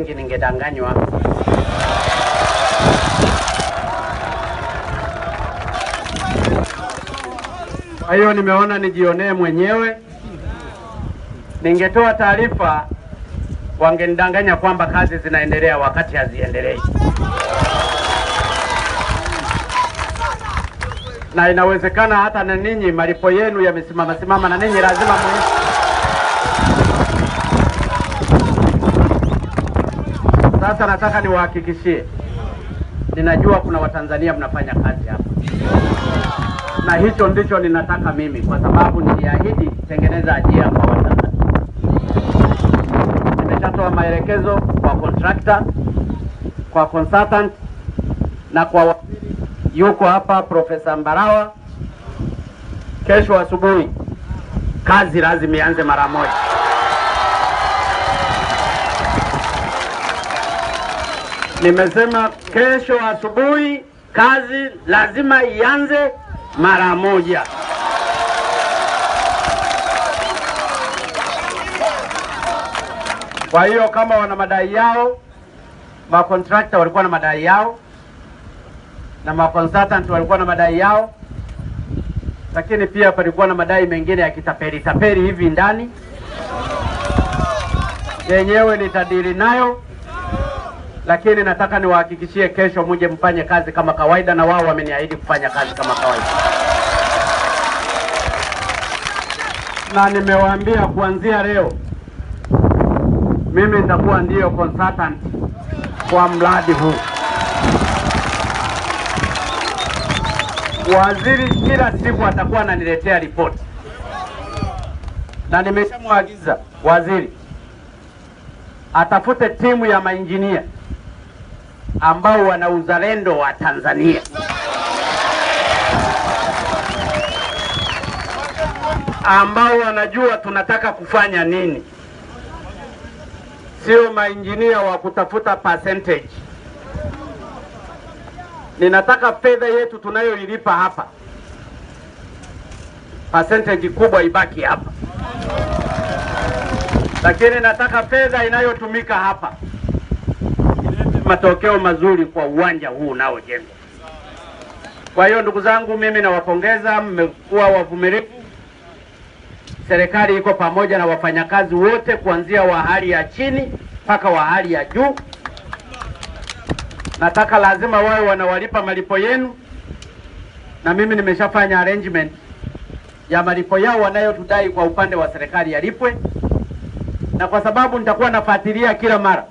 wengi ningedanganywa. Kwa hiyo nimeona nijionee mwenyewe. Ningetoa taarifa wangenidanganya kwamba kazi zinaendelea wakati haziendelei, na inawezekana hata na ninyi malipo yenu yamesimama simama, na ninyi lazima mwe Sasa nataka niwahakikishie, ninajua kuna Watanzania mnafanya kazi hapa, na hicho ndicho ninataka mimi, kwa sababu niliahidi kutengeneza ajira kwa Watanzania. Nimeshatoa maelekezo kwa contractor, kwa consultant na kwa waziri. Yuko hapa Profesa Mbarawa. Kesho asubuhi kazi lazima ianze mara moja. Nimesema kesho asubuhi kazi lazima ianze mara moja. Kwa hiyo kama wana madai yao, makontrakta walikuwa na madai yao na maconsultant walikuwa na madai yao, lakini pia palikuwa na madai mengine ya kitaperi taperi hivi ndani, yenyewe nitadili nayo lakini nataka niwahakikishie, kesho muje mfanye kazi kama kawaida, na wao wameniahidi kufanya kazi kama kawaida, na nimewaambia kuanzia leo mimi nitakuwa ndiyo consultant kwa mradi huu. Waziri kila siku atakuwa ananiletea ripoti na nimeshamwagiza waziri atafute timu ya mainjinia ambao wana uzalendo wa Tanzania ambao wanajua tunataka kufanya nini, sio mainjinia wa kutafuta percentage. Ninataka fedha yetu tunayoilipa hapa, percentage kubwa ibaki hapa, lakini nataka fedha inayotumika hapa matokeo mazuri kwa uwanja huu unaojengwa. Kwa hiyo ndugu zangu, mimi nawapongeza, mmekuwa wavumilivu. Serikali iko pamoja na wafanyakazi wote, kuanzia wa hali ya chini mpaka wa hali ya juu. Nataka lazima wawe wanawalipa malipo yenu, na mimi nimeshafanya arrangement ya malipo yao wanayotudai kwa upande wa serikali yalipwe, na kwa sababu nitakuwa nafuatilia kila mara